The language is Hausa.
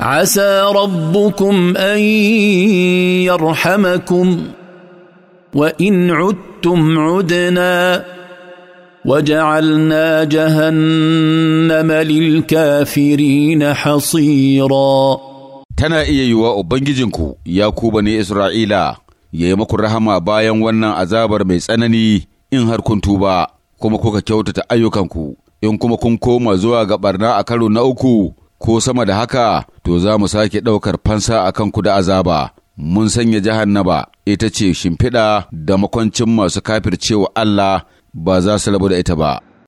عسى ربكم ان يرحمكم وان عدتم عدنا وجعلنا جهنم للكافرين حصيرا tana iya yiwa ubangijinku ya ku bani isra'ila ya yi maku rahama bayan wannan azabar mai tsanani in har kun tuba kuma kuka kyautata ayyukanku in kuma kun koma zuwa ga barna a karo na uku ko sama da haka to za mu sake ɗaukar fansa a ku da azaba, mun sanya jahannaba ita ce shimfiɗa da makwancin masu kafircewa Allah ba za su rabu da ita ba.